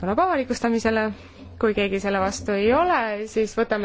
tuleb avalikustamisele. kui keegi selle vastu ei ole, siis võtame